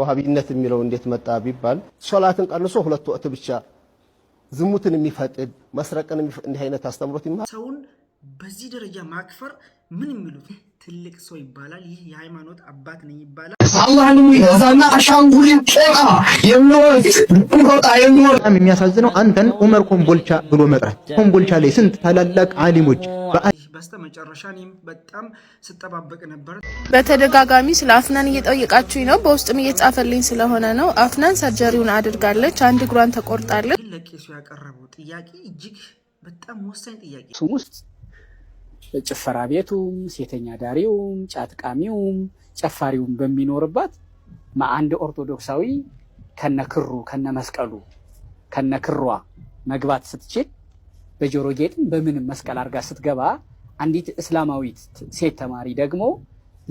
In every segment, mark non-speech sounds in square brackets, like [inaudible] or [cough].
ወሃቢነት የሚለው እንዴት መጣ ቢባል ሶላትን ቀንሶ ሁለት ወቅት ብቻ ዝሙትን የሚፈቅድ መስረቅን እንዲህ አይነት አስተምሮት ይማ ሰውን በዚህ ደረጃ ማክፈር ምን የሚሉት ትልቅ ሰው ይባላል። ይህ የሃይማኖት አባት ነኝ ይባላል። አላህን እዛና አሻንጉሊት ቄቃ የሚወጣ የሚያሳዝነው አንተን ኡመር ኮምቦልቻ ብሎ መጥራት። ኮምቦልቻ ላይ ስንት ታላላቅ አሊሞች በስተ መጨረሻ እኔም በጣም ስጠባበቅ ነበር። በተደጋጋሚ ስለ አፍናን እየጠየቃችሁኝ ነው፣ በውስጥም እየተጻፈልኝ ስለሆነ ነው። አፍናን ሰርጀሪውን አድርጋለች፣ አንድ እግሯን ተቆርጣለች። ለቄሱ ያቀረበው ጥያቄ እጅግ በጣም ወሳኝ ጥያቄ ሱም ውስጥ ጭፈራ ቤቱም፣ ሴተኛ ዳሪውም፣ ጫት ቃሚውም፣ ጨፋሪውም በሚኖርባት አንድ ኦርቶዶክሳዊ ከነክሩ ከነመስቀሉ ከነክሯ መግባት ስትችል በጆሮ ጌጥም በምንም መስቀል አድርጋ ስትገባ አንዲት እስላማዊት ሴት ተማሪ ደግሞ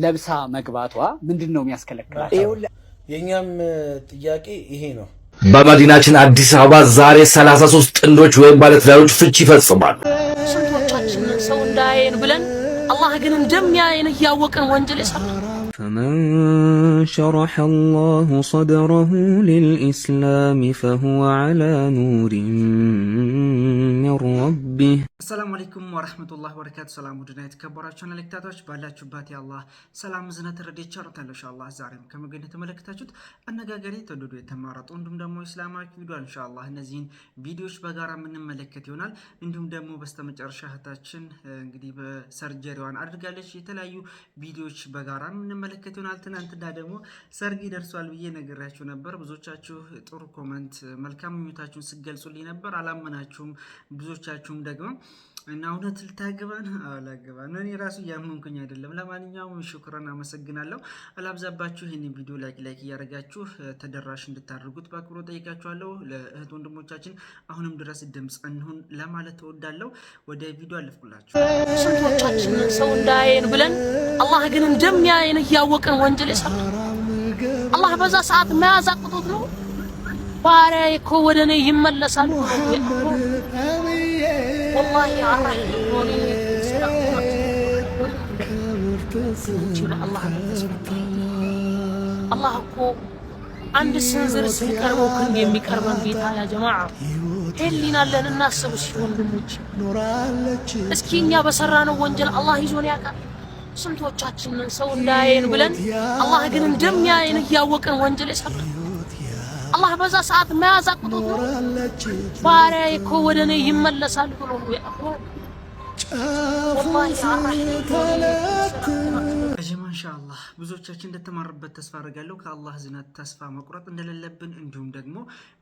ለብሳ መግባቷ ምንድን ነው የሚያስከለክላት? የእኛም ጥያቄ ይሄ ነው። በመዲናችን አዲስ አበባ ዛሬ 33 ጥንዶች ወይም ባለትዳሮች ፍቺ ይፈጽማሉ። ስንቶቻችንን ሰው እንዳያየን ብለን አላህ ግን እንደሚያየን እያወቅን ወንጀል የሰራ ፈመን ሸረሐ አላሁ ሰድረሁ ሊልኢስላሚ ፈሁወ ዐላ ኑሪን ረቢህ። አሰላሙ አለይኩም ወረህመቱላሂ ወበረካቱ። ሰላም ውድና የተከበራችሁና ለክታታዎች ባላችሁባት የአላህ ሰላም ዝነት ረድኤት ቸርነቱ ኢንሻአላህ ዛሬም ከምግን የተመለከታችሁት አነጋገሪ የተወደዱ የተማረጡ እንዲሁም ደግሞ ኢስላማዊ ቪዲዮ ኢንሻአላህ እነዚህን ቪዲዮዎች በጋራ የምንመለከት ይሆናል። እንዲሁም ደግሞ በስተመጨረሻ እህታችን እንግዲህ በሰርጀሪዋን አድርጋለች። የተለያዩ ቪዲዮዎች በጋራ የምንመለከት ይሆናል። ትናንትና ደግሞ ሰርግ ይደርሷል ብዬ ነገራችሁ ነበር። ብዙዎቻችሁ ጥሩ ኮመንት መልካም ምኞታችሁን ስገልጹልኝ ነበር። አላመናችሁም ብዙዎቻችሁም ደግሞ እና እውነት ልታገባን አላገባን እኔ ራሱ እያመንኩኝ አይደለም። ለማንኛውም ሽኩረን አመሰግናለሁ። አላብዛባችሁ። ይህን ቪዲዮ ላይክ ላይክ እያደረጋችሁ ተደራሽ እንድታደርጉት በአክብሮ ጠይቃችኋለሁ። ለእህት ወንድሞቻችን አሁንም ድረስ ድምፅ እንሁን ለማለት ተወዳለሁ ወደ ቪዲዮ አለፍኩላችሁ። ስንቶቻችንን ሰው እንዳያየን ብለን አላህ ግን እንደሚያየን እያወቅን ወንጀል የሰራ አላህ በዛ ሰዓት መያዝ አቅቶት ነው ባሪያ እኮ ወደ እኔ ይመለሳል والله يا الله عند سنزر سيكار وكن يمي كربان بيتا يا جماعة هلين على الناس سبسي ونموج اسكين يا بسران وانجل الله يزون ياكا سنتو تشاتشن من سو داين بلن الله قنن دم يا ينك يا وكن وانجل يسحب አላህ በዛ ሰዓት መያዝ አቅቶት ባሪያዬ እኮ ወደ እኔ ይመለሳል ብሎ ያቆ ኢንሻአላህ ብዙዎቻችን እንደተማርበት ተስፋ አድርጋለሁ። ከአላህ ዝነት ተስፋ መቁረጥ እንደሌለብን እንዲሁም ደግሞ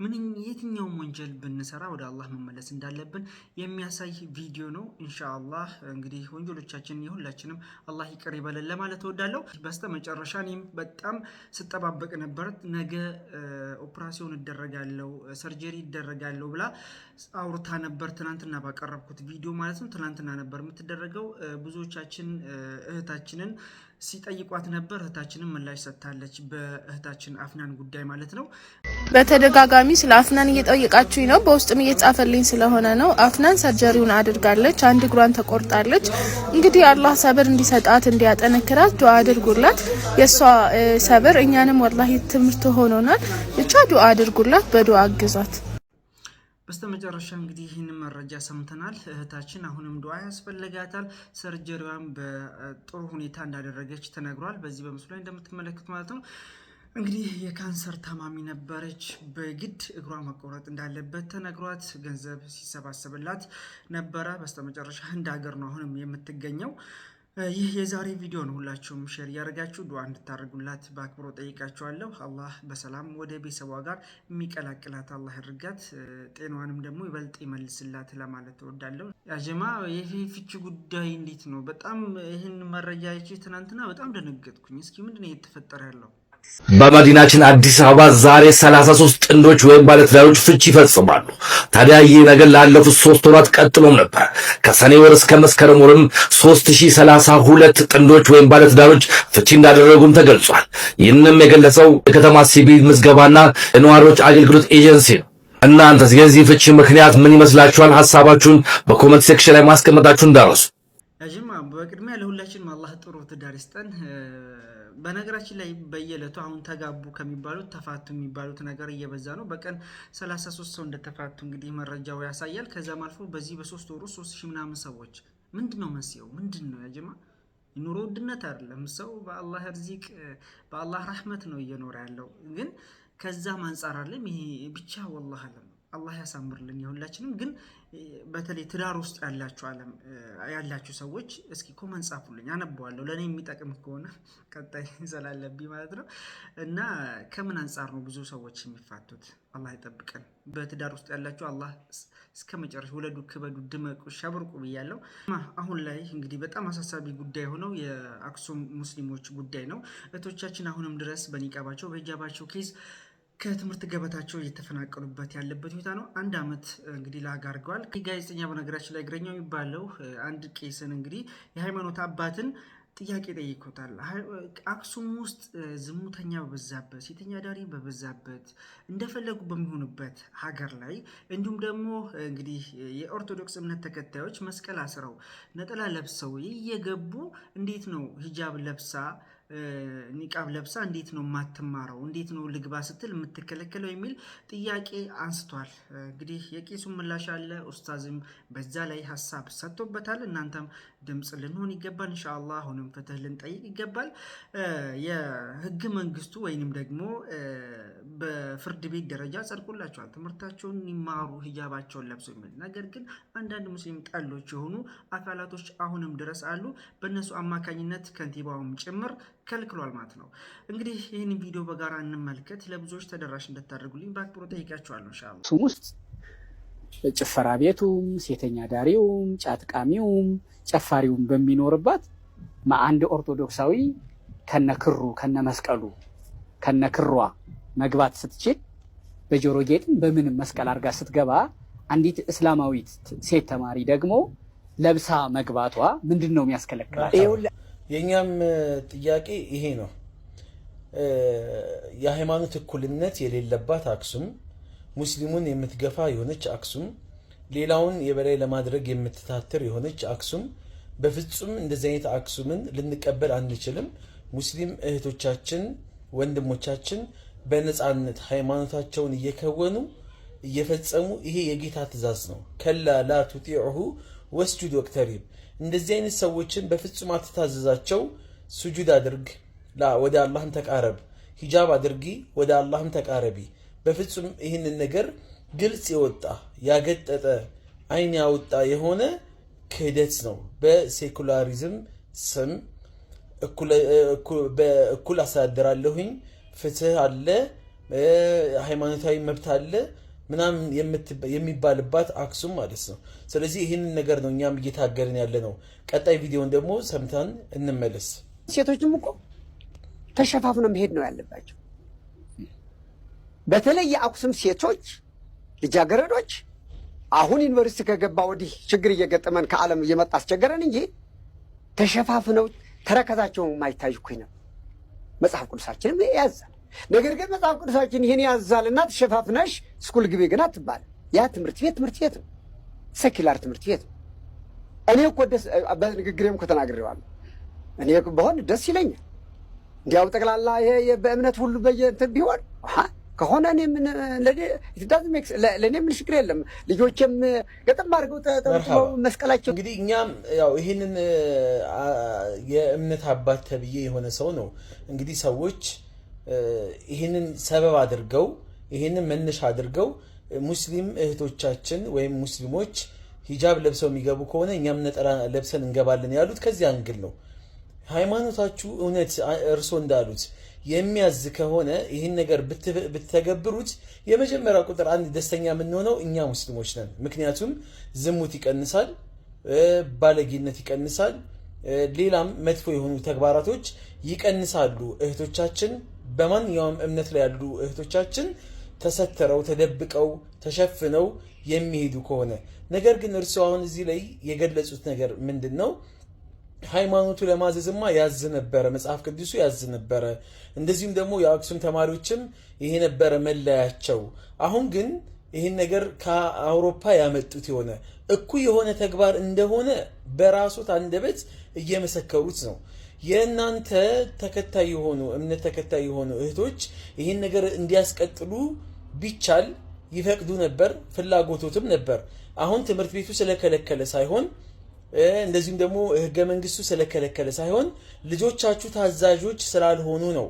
ምን የትኛውም ወንጀል ብንሰራ ወደ አላህ መመለስ እንዳለብን የሚያሳይ ቪዲዮ ነው። ኢንሻአላህ እንግዲህ ወንጀሎቻችን የሁላችንም አላህ ይቅር ይበለን ለማለት እወዳለሁ። በስተ መጨረሻ እኔም በጣም ስጠባበቅ ነበር። ነገ ኦፕራሲዮን እደረጋለሁ፣ ሰርጀሪ ይደረጋለሁ ብላ አውርታ ነበር፣ ትናንትና ባቀረብኩት ቪዲዮ ማለት ነው። ትናንትና ነበር የምትደረገው ብዙዎቻችን እህታችንን ሲጠይቋት ነበር። እህታችንም ምላሽ ሰጥታለች። በእህታችን አፍናን ጉዳይ ማለት ነው። በተደጋጋሚ ስለ አፍናን እየጠየቃችሁኝ ነው፣ በውስጥም እየጻፈልኝ ስለሆነ ነው። አፍናን ሰርጀሪውን አድርጋለች፣ አንድ እግሯን ተቆርጣለች። እንግዲህ አላህ ሰብር እንዲሰጣት እንዲያጠነክራት ዱአ አድርጉላት። የእሷ ሰብር እኛንም ወላሂ ትምህርት ሆኖናል። ብቻ ዱአ አድርጉላት፣ በዱአ አግዟት። በስተመጨረሻ እንግዲህ ይህንን መረጃ ሰምተናል። እህታችን አሁንም ድዋ ያስፈልጋታል። ሰርጀሪዋን በጥሩ ሁኔታ እንዳደረገች ተነግሯል። በዚህ በምስሉ ላይ እንደምትመለከት ማለት ነው። እንግዲህ የካንሰር ታማሚ ነበረች። በግድ እግሯ መቆረጥ እንዳለበት ተነግሯት ገንዘብ ሲሰባሰብላት ነበረ። በስተመጨረሻ ህንድ ሀገር ነው አሁንም የምትገኘው። ይህ የዛሬ ቪዲዮ ነው። ሁላችሁም ሼር እያደረጋችሁ ዱዓ እንድታደርጉላት በአክብሮ ጠይቃችኋለሁ። አላህ በሰላም ወደ ቤተሰቧ ጋር የሚቀላቅላት አላህ ያድርጋት፣ ጤናዋንም ደግሞ ይበልጥ ይመልስላት ለማለት እወዳለሁ። ያጀማ ይህ ፍቺ ጉዳይ እንዴት ነው? በጣም ይህን መረጃ ይቺ ትናንትና በጣም ደነገጥኩኝ። እስኪ ምንድን ነው የተፈጠረ ያለው? በመዲናችን አዲስ አበባ ዛሬ 33 ጥንዶች ወይም ባለትዳሮች ፍቺ ይፈጽማሉ። ታዲያ ይህ ነገር ላለፉት ሶስት ወራት ቀጥሎም ነበር። ከሰኔ ወር እስከ መስከረም ወርም 3032 ጥንዶች ወይም ባለትዳሮች ፍቺ እንዳደረጉም ተገልጿል። ይህንም የገለጸው የከተማ ሲቪል ምዝገባና የነዋሪዎች አገልግሎት ኤጀንሲ ነው። እናንተ የዚህ ፍቺ ምክንያት ምን ይመስላችኋል? ሀሳባችሁን በኮመንት ሴክሽን ላይ ማስቀመጣችሁን እንዳረሱ በቅድሚያ ለሁላችንም አላህ ጥሩ ትዳር ይስጠን። በነገራችን ላይ በየዕለቱ አሁን ተጋቡ ከሚባሉት ተፋቱ የሚባሉት ነገር እየበዛ ነው። በቀን 33 ሰው እንደተፋቱ እንግዲህ መረጃው ያሳያል። ከዛም አልፎ በዚህ በሶስት ወሩ ሶስት ሺህ ምናምን ሰዎች ምንድን ነው መንስኤው? ምንድን ነው ያጀማ? ኑሮ ውድነት አይደለም። ሰው በአላህ ርዚቅ በአላህ ረህመት ነው እየኖረ ያለው። ግን ከዛም አንጻር አለም ይሄ ብቻ ወላህ አለም አላህ ያሳምርልን የሁላችንም። ግን በተለይ ትዳር ውስጥ ያላችሁ ሰዎች እስኪ ኮመንት ጻፉልኝ፣ አነበዋለሁ ለእኔ የሚጠቅም ከሆነ ቀጣይ ዘላለብኝ ማለት ነው። እና ከምን አንጻር ነው ብዙ ሰዎች የሚፋቱት? አላህ ይጠብቀን። በትዳር ውስጥ ያላችሁ አላህ እስከ መጨረሻ ውለዱ፣ ክበዱ፣ ድመቁ፣ ሸብርቁ ብያለሁ። አሁን ላይ እንግዲህ በጣም አሳሳቢ ጉዳይ ሆነው የአክሱም ሙስሊሞች ጉዳይ ነው። እህቶቻችን አሁንም ድረስ በኒቃባቸው በሂጃባቸው ኬዝ ከትምህርት ገበታቸው እየተፈናቀሉበት ያለበት ሁኔታ ነው። አንድ ዓመት እንግዲህ ለሀገር አድርገዋል። ጋዜጠኛ በነገራችን ላይ እግረኛው የሚባለው አንድ ቄስን እንግዲህ የሃይማኖት አባትን ጥያቄ ጠይቆታል። አክሱም ውስጥ ዝሙተኛ በበዛበት፣ ሴተኛ ዳሪ በበዛበት፣ እንደፈለጉ በሚሆኑበት ሀገር ላይ እንዲሁም ደግሞ እንግዲህ የኦርቶዶክስ እምነት ተከታዮች መስቀል አስረው ነጠላ ለብሰው እየገቡ እንዴት ነው ሂጃብ ለብሳ ኒቃብ ለብሳ እንዴት ነው የማትማረው? እንዴት ነው ልግባ ስትል የምትከለከለው የሚል ጥያቄ አንስቷል። እንግዲህ የቄሱ ምላሽ አለ። ኡስታዝም በዛ ላይ ሀሳብ ሰጥቶበታል። እናንተም ድምፅ ልንሆን ይገባል። እንሻላ አሁንም ፍትህ ልንጠይቅ ይገባል። የህግ መንግስቱ ወይንም ደግሞ በፍርድ ቤት ደረጃ ጸድቆላቸዋል። ትምህርታቸውን ይማሩ ሂጃባቸውን ለብሶ የሚል ነገር ግን አንዳንድ ሙስሊም ጠሎች የሆኑ አካላቶች አሁንም ድረስ አሉ። በእነሱ አማካኝነት ከንቲባውም ጭምር ከልክሏል ማለት ነው። እንግዲህ ይህን ቪዲዮ በጋራ እንመልከት። ለብዙዎች ተደራሽ እንድታደርጉልኝ በአክብሮ ጠይቃቸዋለሁ። ውስጥ ጭፈራ ቤቱም፣ ሴተኛ ዳሪውም፣ ጫት ቃሚውም፣ ጨፋሪውም በሚኖርባት አንድ ኦርቶዶክሳዊ ከነክሩ ከነመስቀሉ ከነክሯ መግባት ስትችል በጆሮ ጌጥም በምንም መስቀል አድርጋ ስትገባ አንዲት እስላማዊት ሴት ተማሪ ደግሞ ለብሳ መግባቷ ምንድን ነው የሚያስከለክላቸው? የእኛም ጥያቄ ይሄ ነው። የሃይማኖት እኩልነት የሌለባት አክሱም ሙስሊሙን የምትገፋ የሆነች አክሱም፣ ሌላውን የበላይ ለማድረግ የምትታትር የሆነች አክሱም፣ በፍጹም እንደዚህ አይነት አክሱምን ልንቀበል አንችልም። ሙስሊም እህቶቻችን ወንድሞቻችን በነፃነት ሃይማኖታቸውን እየከወኑ እየፈጸሙ ይሄ የጌታ ትእዛዝ ነው። ከላ ላ ቱጢዑሁ ወስጁድ ወቅተሪብ። እንደዚህ አይነት ሰዎችን በፍጹም አትታዘዛቸው። ሱጁድ አድርግ፣ ወደ አላህም ተቃረብ። ሂጃብ አድርጊ፣ ወደ አላህም ተቃረቢ። በፍጹም ይህንን ነገር ግልጽ የወጣ ያገጠጠ አይን ያወጣ የሆነ ክህደት ነው። በሴኩላሪዝም ስም በእኩል አስተዳደራለሁኝ፣ ፍትህ አለ፣ ሃይማኖታዊ መብት አለ ምናምን የሚባልባት አክሱም ማለት ነው። ስለዚህ ይህንን ነገር ነው እኛም እየታገልን ያለ ነው። ቀጣይ ቪዲዮን ደግሞ ሰምተን እንመለስ። ሴቶችም እኮ ተሸፋፍነው መሄድ ነው ያለባቸው። በተለይ የአክሱም ሴቶች ልጃገረዶች አሁን ዩኒቨርሲቲ ከገባ ወዲህ ችግር እየገጠመን ከዓለም እየመጣ አስቸገረን እንጂ ተሸፋፍነው ተረከዛቸው የማይታይ እኮ ነው። መጽሐፍ ቅዱሳችንም ያዛል። ነገር ግን መጽሐፍ ቅዱሳችን ይህን ያዛልና ተሸፋፍነሽ ስኩል ግቢ ግን አትባል። ያ ትምህርት ቤት ትምህርት ቤት ነው፣ ሰኪላር ትምህርት ቤት ነው። እኔ እኮ ደስ በንግግሬም እኮ ተናግሬዋለሁ። እኔ በሆን ደስ ይለኛል። እንዲያው ጠቅላላ በእምነት ሁሉ በየእንትን ቢሆን ከሆነ እኔ ምን ለእኔ ምን ችግር የለም። ልጆችም ገጠም አድርገው ተጠብበው መስቀላቸው። እንግዲህ እኛም ያው ይህንን የእምነት አባት ተብዬ የሆነ ሰው ነው እንግዲህ ሰዎች ይህንን ሰበብ አድርገው ይህንን መነሻ አድርገው ሙስሊም እህቶቻችን ወይም ሙስሊሞች ሂጃብ ለብሰው የሚገቡ ከሆነ እኛም ነጠላ ለብሰን እንገባለን ያሉት ከዚህ አንግል ነው። ሃይማኖታችሁ እውነት እርሶ እንዳሉት የሚያዝ ከሆነ ይህን ነገር ብትተገብሩት የመጀመሪያ ቁጥር አንድ ደስተኛ የምንሆነው እኛ ሙስሊሞች ነን። ምክንያቱም ዝሙት ይቀንሳል፣ ባለጌነት ይቀንሳል፣ ሌላም መጥፎ የሆኑ ተግባራቶች ይቀንሳሉ። እህቶቻችን በማንኛውም እምነት ላይ ያሉ እህቶቻችን ተሰትረው ተደብቀው ተሸፍነው የሚሄዱ ከሆነ ነገር ግን እርስዎ አሁን እዚህ ላይ የገለጹት ነገር ምንድን ነው? ሃይማኖቱ ለማዘዝማ ያዝ ነበረ፣ መጽሐፍ ቅዱሱ ያዝ ነበረ። እንደዚሁም ደግሞ የአክሱም ተማሪዎችም ይሄ ነበረ መለያቸው። አሁን ግን ይህን ነገር ከአውሮፓ ያመጡት የሆነ እኩይ የሆነ ተግባር እንደሆነ በራሱ አንደበት እየመሰከሩት ነው። የእናንተ ተከታይ የሆኑ እምነት ተከታይ የሆኑ እህቶች ይህን ነገር እንዲያስቀጥሉ ቢቻል ይፈቅዱ ነበር፣ ፍላጎቶትም ነበር። አሁን ትምህርት ቤቱ ስለከለከለ ሳይሆን እንደዚሁም ደግሞ ህገ መንግስቱ ስለከለከለ ሳይሆን ልጆቻችሁ ታዛዦች ስላልሆኑ ነው።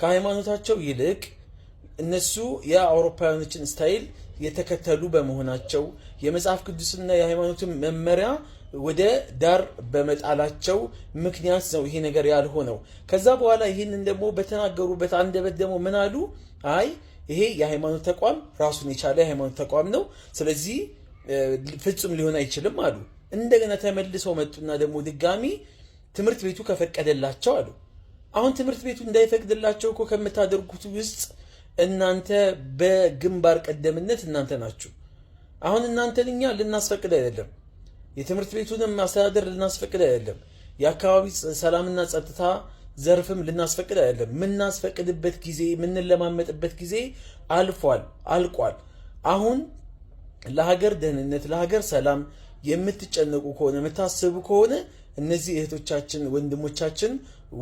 ከሃይማኖታቸው ይልቅ እነሱ የአውሮፓውያኖችን ስታይል የተከተሉ በመሆናቸው የመጽሐፍ ቅዱስና የሃይማኖትን መመሪያ ወደ ዳር በመጣላቸው ምክንያት ነው ይሄ ነገር ያልሆነው። ከዛ በኋላ ይህንን ደግሞ በተናገሩበት አንደበት ደግሞ ምን አሉ? አይ ይሄ የሃይማኖት ተቋም ራሱን የቻለ የሃይማኖት ተቋም ነው፣ ስለዚህ ፍጹም ሊሆን አይችልም አሉ። እንደገና ተመልሰው መጡና ደግሞ ድጋሚ ትምህርት ቤቱ ከፈቀደላቸው አሉ። አሁን ትምህርት ቤቱ እንዳይፈቅድላቸው እኮ ከምታደርጉት ውስጥ እናንተ በግንባር ቀደምነት እናንተ ናችሁ። አሁን እናንተን እኛ ልናስፈቅድ አይደለም፣ የትምህርት ቤቱንም አስተዳደር ልናስፈቅድ አይደለም፣ የአካባቢ ሰላምና ጸጥታ ዘርፍም ልናስፈቅድ አይደለም። የምናስፈቅድበት ጊዜ የምንለማመጥበት ጊዜ አልፏል፣ አልቋል። አሁን ለሀገር ደህንነት፣ ለሀገር ሰላም የምትጨነቁ ከሆነ የምታስቡ ከሆነ እነዚህ እህቶቻችን ወንድሞቻችን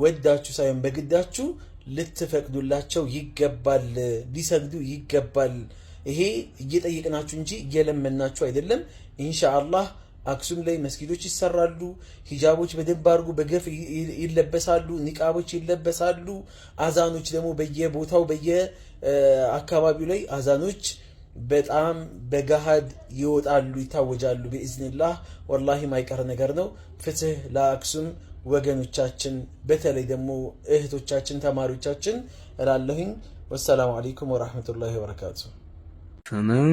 ወዳችሁ ሳይሆን በግዳችሁ ልትፈቅዱላቸው ይገባል፣ ሊሰግዱ ይገባል። ይሄ እየጠየቅናችሁ እንጂ እየለመናችሁ አይደለም። ኢንሻአላህ አክሱም ላይ መስጊዶች ይሰራሉ። ሂጃቦች በደንብ አድርጉ በገፍ ይለበሳሉ። ኒቃቦች ይለበሳሉ። አዛኖች ደግሞ በየቦታው በየአካባቢው ላይ አዛኖች በጣም በገሃድ ይወጣሉ፣ ይታወጃሉ። ብኢዝኒላህ ወላሂ ማይቀር ነገር ነው። ፍትህ ለአክሱም ወገኖቻችን፣ በተለይ ደግሞ እህቶቻችን፣ ተማሪዎቻችን እላለሁኝ። ወሰላሙ አለይኩም ወራህመቱላሂ ወበረካቱ። فمن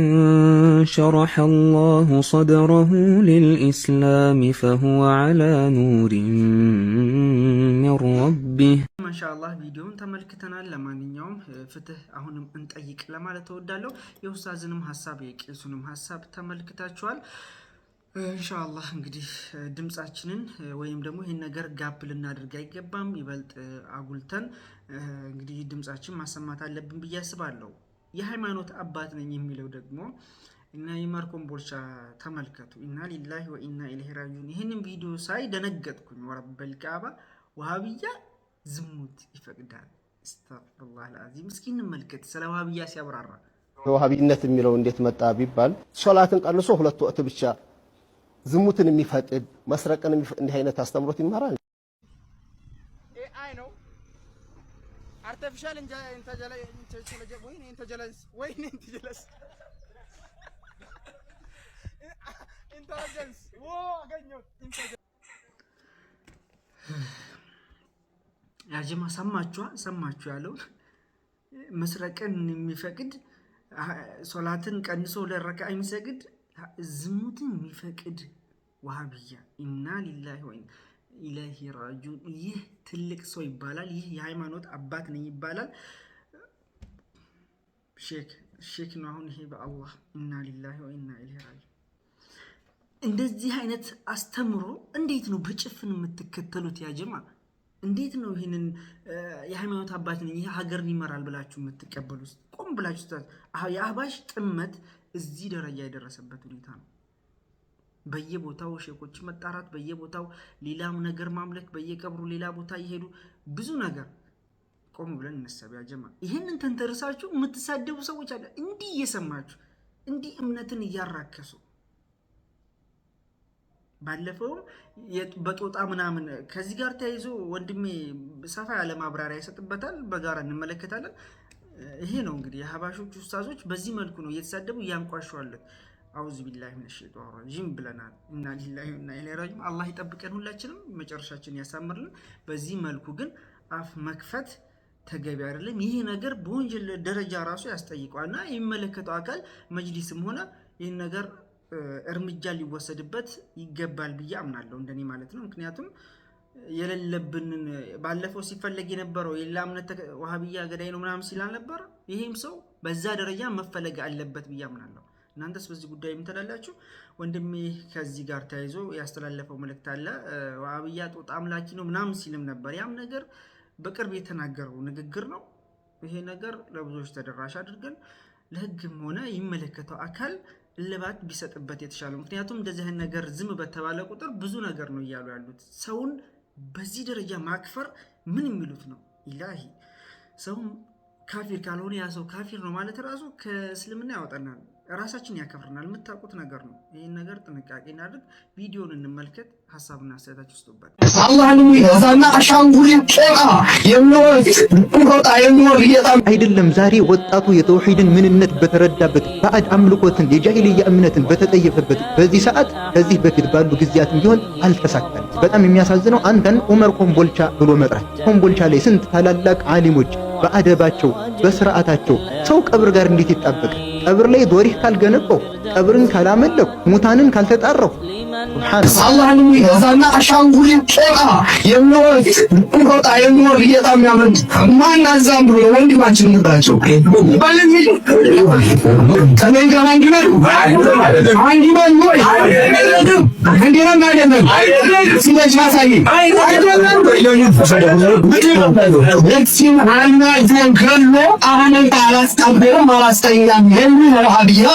شرح الله صدره للإسلام فهو على نور من ربه እንሻላ ቪዲዮን ተመልክተናል። ለማንኛውም ፍትህ አሁንም እንጠይቅ ለማለት እወዳለሁ። የኡስታዝንም ሀሳብ የቄሱንም ሀሳብ ተመልክታችኋል። እንሻአላህ እንግዲህ ድምጻችንን ወይም ደግሞ ይህን ነገር ጋብ ልናደርግ አይገባም። ይበልጥ አጉልተን እንግዲህ ድምጻችን ማሰማት አለብን ብዬ አስባለሁ። የሃይማኖት አባት ነኝ የሚለው ደግሞ እና ይመር ኮምቦልቻ ተመልከቱ። ኢና ሊላሂ ወኢና ኢለይሂ ራጂዑን። ይህንን ቪዲዮ ሳይ ደነገጥኩኝ። ወረበል ካዕባ ወሃብያ ዝሙት ይፈቅዳል። እስተግፊሩላህ ልአዚም። እስኪ እንመልከት ስለ ዋሃብያ ሲያብራራ የዋሃቢነት የሚለው እንዴት መጣ ቢባል ሶላትን ቀንሶ ሁለት ወቅት ብቻ ዝሙትን የሚፈቅድ መስረቅን የሚፈቅድ እንዲህ አይነት አስተምሮት ይማራል። ኤአይ ነው አርቲፊሻል [laughs] ያጅማ ሰማችኋ? ሰማችሁ ያለውን መስረቅን የሚፈቅድ ሶላትን ቀንሶ ለረካ የሚሰግድ ዝሙትን የሚፈቅድ ዋሃብያ ኢና ሊላሂ ወይ ኢለይሂ ራጂዑን። ይህ ትልቅ ሰው ይባላል። ይህ የሃይማኖት አባት ነኝ ይባላል። ሼክ ሼክ ነው አሁን ይሄ በአላህ ኢና ሊላሂ ወይ ኢና ኢለይሂ ራጂዑን። እንደዚህ አይነት አስተምሮ እንዴት ነው በጭፍን የምትከተሉት ያጀማ? እንዴት ነው ይህንን የሃይማኖት አባት ነኝ ይህ ሀገርን ይመራል ብላችሁ የምትቀበሉ? ቆም ብላችሁ የአህባሽ ጥመት እዚህ ደረጃ የደረሰበት ሁኔታ ነው። በየቦታው ሼኮች መጣራት፣ በየቦታው ሌላም ነገር ማምለክ፣ በየቀብሩ ሌላ ቦታ እየሄዱ ብዙ ነገር። ቆም ብለን እነሰብ ያጀማል። ይህንን ተንተርሳችሁ የምትሳደቡ ሰዎች አለ እንዲህ እየሰማችሁ እንዲህ እምነትን እያራከሱ ባለፈውም በጦጣ ምናምን ከዚህ ጋር ተያይዞ ወንድሜ ሰፋ ያለ ማብራሪያ ይሰጥበታል። በጋራ እንመለከታለን። ይሄ ነው እንግዲህ የሀባሾች ውስታዞች በዚህ መልኩ ነው እየተሳደቡ እያንቋሸዋለን። አውዝ ቢላሂ ሚነ ሸይጣን ረጂም ብለናል። እና ሊላሂ እና ኢለይሂ ራጂዑን። አላህ ይጠብቀን ሁላችንም፣ መጨረሻችን ያሳምርልን። በዚህ መልኩ ግን አፍ መክፈት ተገቢ አይደለም። ይህ ነገር በወንጀል ደረጃ ራሱ ያስጠይቀዋል እና የሚመለከተው አካል መጅሊስም ሆነ ይህን ነገር እርምጃ ሊወሰድበት ይገባል ብዬ አምናለሁ፣ እንደኔ ማለት ነው። ምክንያቱም የሌለብንን ባለፈው ሲፈለግ የነበረው የሌላ እምነት ዋሃብያ ገዳይ ነው ምናምን ሲል አልነበረ? ይህም ሰው በዛ ደረጃ መፈለግ አለበት ብዬ አምናለሁ። እናንተስ በዚህ ጉዳይ የምትላላችሁ? ወንድሜ ከዚህ ጋር ተያይዞ ያስተላለፈው መልእክት አለ። ዋሃብያ ጦጣ አምላኪ ነው ምናምን ሲልም ነበር። ያም ነገር በቅርብ የተናገረው ንግግር ነው። ይሄ ነገር ለብዙዎች ተደራሽ አድርገን ለህግም ሆነ ይመለከተው አካል እልባት ቢሰጥበት የተሻለው። ምክንያቱም እንደዚህን ነገር ዝም በተባለ ቁጥር ብዙ ነገር ነው እያሉ ያሉት። ሰውን በዚህ ደረጃ ማክፈር ምን የሚሉት ነው? ኢላሂ ሰውም ካፊር ካልሆነ ያ ሰው ካፊር ነው ማለት ራሱ ከእስልምና ያወጣናል። ራሳችን ያከብርናል። የምታውቁት ነገር ነው። ይህን ነገር ጥንቃቄ እናድርግ። ቪዲዮን እንመልከት። ሀሳብና አስተያየታችሁ ስጡበት። ዛና አሻንጉሊን ጤና የሚወጣ የሚወር አይደለም። ዛሬ ወጣቱ የተውሒድን ምንነት በተረዳበት ባዕድ አምልኮትን የጃሂልያ እምነትን በተጠየፈበት በዚህ ሰዓት ከዚህ በፊት ባሉ ጊዜያትም ቢሆን አልተሳካል። በጣም የሚያሳዝነው አንተን ኡመር ኮምቦልቻ ብሎ መጥራት። ኮምቦልቻ ላይ ስንት ታላላቅ ዓሊሞች በአደባቸው በስርዓታቸው ሰው ቀብር ጋር እንዴት ይጣበቃል? ቀብር ላይ ዶሪህ ካልገነባው፣ ቀብርን ካላመለኩ፣ ሙታንን ካልተጣራው? አላህን እዛና አሻንጉሊን ቄቃ የሚወር ቁጣ የሚወር ጌታ የሚያመልጥ ማን አዛም ብሎ ወንድማችን እንላቸው ባለሚ ከኔ ጋር አንግበል አንግበል ወይ እንዲረም አይደለም ስለዚህ ማሳይ ለክሲም አና ዘንከሎ አሁንም አላስቀበልም አላስተኛም የሚል ረሃብያ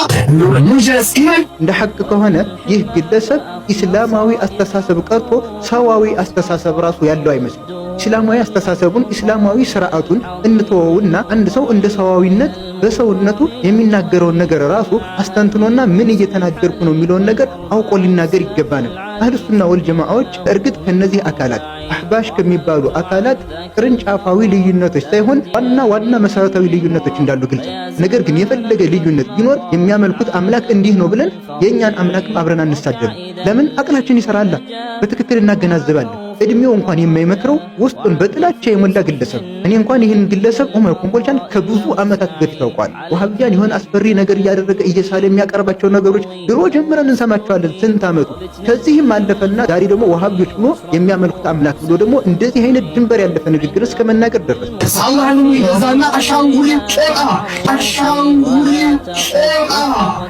ሙጀስኢን እንደ ሐቅ ከሆነ ይህ ግለሰብ ኢስላማዊ አስተሳሰብ ቀርቶ ሰዋዊ አስተሳሰብ ራሱ ያለው አይመስልም። እስላማዊ አስተሳሰቡን እስላማዊ ስርዓቱን እንተወውና አንድ ሰው እንደ ሰዋዊነት በሰውነቱ የሚናገረውን ነገር ራሱ አስተንትኖና ምን እየተናገርኩ ነው የሚለውን ነገር አውቆ ሊናገር ይገባናል። አህልሱና ወልጀማዓዎች እርግጥ ከነዚህ አካላት አህባሽ ከሚባሉ አካላት ቅርንጫፋዊ ልዩነቶች ሳይሆን ዋና ዋና መሰረታዊ ልዩነቶች እንዳሉ ግልጽ። ነገር ግን የፈለገ ልዩነት ቢኖር የሚያመልኩት አምላክ እንዲህ ነው ብለን የእኛን አምላክም አብረን አንሳደብም። ለምን አቅላችን ይሰራላ፣ በትክክል እናገናዝባለን። እድሜው እንኳን የማይመክረው ውስጡን በጥላቻ የሞላ ግለሰብ። እኔ እንኳን ይህን ግለሰብ ዑመር ኮምቦልቻን ከብዙ ዓመታት በፊት ታውቋል። ወሃቢያን የሆነ አስፈሪ ነገር እያደረገ እየሳለ የሚያቀርባቸው ነገሮች ድሮ ጀምረን እንሰማቸዋለን ስንት ዓመቱ። ከዚህም አለፈና ዛሬ ደግሞ ወሃቢዎች ብሎ የሚያመልኩት አምላክ ብሎ ደግሞ እንደዚህ አይነት ድንበር ያለፈ ንግግር እስከ መናገር ደረሰ።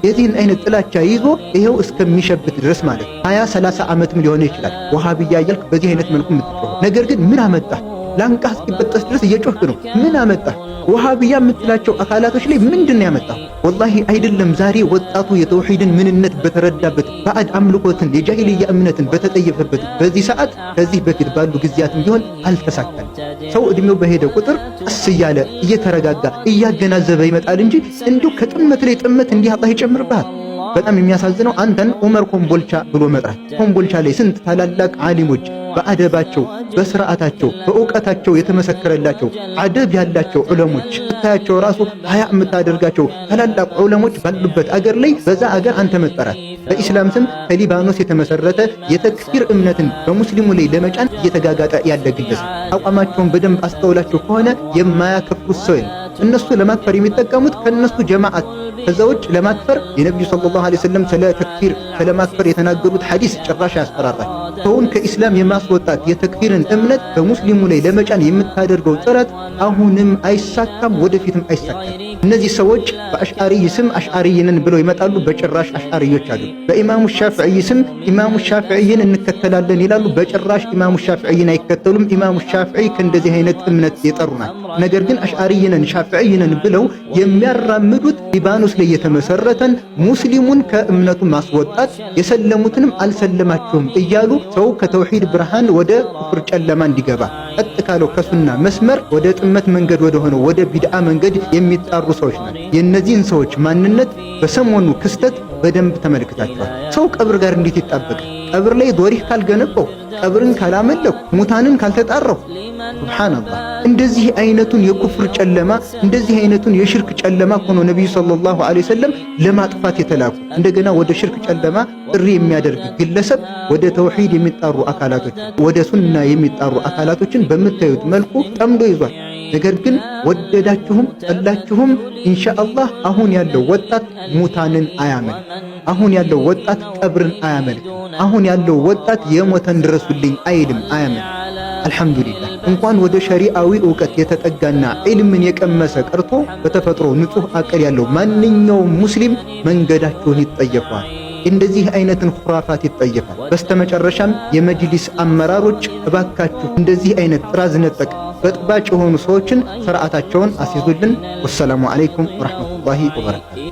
የዚህን አይነት ጥላቻ ይዞ ይኸው እስከሚሸብት ድረስ ማለት ሀያ ሰላሳ ዓመትም ሊሆነ ይችላል ወሃቢያ እያልክ በዚህ አይነት መልኩ የምትጮኸው። ነገር ግን ምን አመጣ ላንቃ እስኪበጠስ ድረስ እየጮህክ ነው። ምን አመጣ ውሃብያ የምትላቸው አካላቶች ላይ ምንድን ያመጣ? ወላሂ አይደለም። ዛሬ ወጣቱ የተውሂድን ምንነት በተረዳበት ባዕድ አምልኮትን የጃሂልያ እምነትን በተጠየፈበት በዚህ ሰዓት ከዚህ በፊት ባሉ ጊዜያትም ቢሆን አልተሳካል። ሰው እድሜው በሄደ ቁጥር ቀስ እያለ እየተረጋጋ እያገናዘበ ይመጣል እንጂ እንዲሁ ከጥመት ላይ ጥመት እንዲህ አላህ ይጨምርብሃል። በጣም የሚያሳዝነው አንተን ዑመር ኮምቦልቻ ብሎ መጥራት። ኮምቦልቻ ላይ ስንት ታላላቅ ዓሊሞች በአደባቸው፣ በስርዓታቸው፣ በእውቀታቸው የተመሰከረላቸው አደብ ያላቸው ዑለሞች ስታያቸው ራሱ ሀያ የምታደርጋቸው ታላላቅ ዑለሞች ባሉበት አገር ላይ በዛ አገር አንተ መጠራት በኢስላም ስም ከሊባኖስ የተመሰረተ የተክፊር እምነትን በሙስሊሙ ላይ ለመጫን እየተጋጋጠ ያለ ግለሰብ። አቋማቸውን በደንብ አስተውላቸው ከሆነ የማያከፍሩት ሰው እነሱ ለማክፈር የሚጠቀሙት ከእነሱ ጀማዓት ከዛ ውጭ ለማክፈር የነብዩ ሰለላሁ ዐለይሂ ወሰለም ስለ ተክፊር ስለ የተናገሩት ሐዲስ ጭራሽ ያስፈራራል። ሰውን ከኢስላም የማስወጣት የተክፊርን እምነት በሙስሊሙ ላይ ለመጫን የምታደርገው ጥረት አሁንም አይሳካም፣ ወደፊትም አይሳካም። እነዚህ ሰዎች በአሽዓሪይ ስም አሽዓሪይንን ብለው ይመጣሉ። በጭራሽ አሽዓሪዮች አሉ። በኢማሙ ሻፍዕይ ስም ኢማሙ ሻፍዕይን እንከተላለን ይላሉ። በጭራሽ ኢማሙ ሻፍዕይን አይከተሉም። ኢማሙ ሻፍዕይ ከእንደዚህ አይነት እምነት የጠሩ ናቸው። ነገር ግን አሽዓሪይንን ሻፍዕይንን ብለው የሚያራምዱት ሊባኖስ ላይ የተመሰረተን ሙስሊሙን ከእምነቱ ማስወጣት የሰለሙትንም አልሰለማቸውም እያሉ ሰው ከተውሂድ ብርሃን ወደ ኩፍር ጨለማ እንዲገባ ቀጥ ካለው ከሱና መስመር ወደ ጥመት መንገድ ወደ ሆነው ወደ ቢድዓ መንገድ የሚጣሩ ሰዎች ነን። የእነዚህን ሰዎች ማንነት በሰሞኑ ክስተት በደንብ ተመልክታቸዋል። ሰው ቀብር ጋር እንዴት ይጣበቃል? ቀብር ላይ ዶሪህ ካልገነባው፣ ቀብርን ካላመለኩ፣ ሙታንን ካልተጣራው ሱብሓነላህ። እንደዚህ አይነቱን የኩፍር ጨለማ እንደዚህ አይነቱን የሽርክ ጨለማ ሆኖ ነቢዩ ሰለላሁ ዐለይሂ ወሰለም ለማጥፋት የተላኩ እንደገና ወደ ሽርክ ጨለማ ጥሪ የሚያደርግ ግለሰብ ወደ ተውሂድ የሚጣሩ አካላቶች ወደ ሱና የሚጣሩ አካላቶችን በምታዩት መልኩ ጠምዶ ይዟል። ነገር ግን ወደዳችሁም ጠላችሁም ኢንሻአላህ አሁን ያለው ወጣት ሙታንን አያመልክ። አሁን ያለው ወጣት ቀብርን አያመልክ። አሁን ያለው ወጣት የሞተን ድረሱልኝ አይልም፣ አያመልክ። አልሐምዱሊላህ እንኳን ወደ ሸሪአዊ እውቀት የተጠጋና ዒልምን የቀመሰ ቀርቶ በተፈጥሮ ንጹሕ አቅል ያለው ማንኛውም ሙስሊም መንገዳቸውን ይጠየፋል። እንደዚህ አይነትን ኹራፋት ይጠየፋል። በስተመጨረሻም የመጅሊስ አመራሮች እባካችሁ እንደዚህ አይነት ጥራዝ ነጠቅ በጥባጭ የሆኑ ሰዎችን ስርዓታቸውን አስይዙልን። ወሰላሙ አለይኩም ወራህመቱላሂ ወበረካቱ።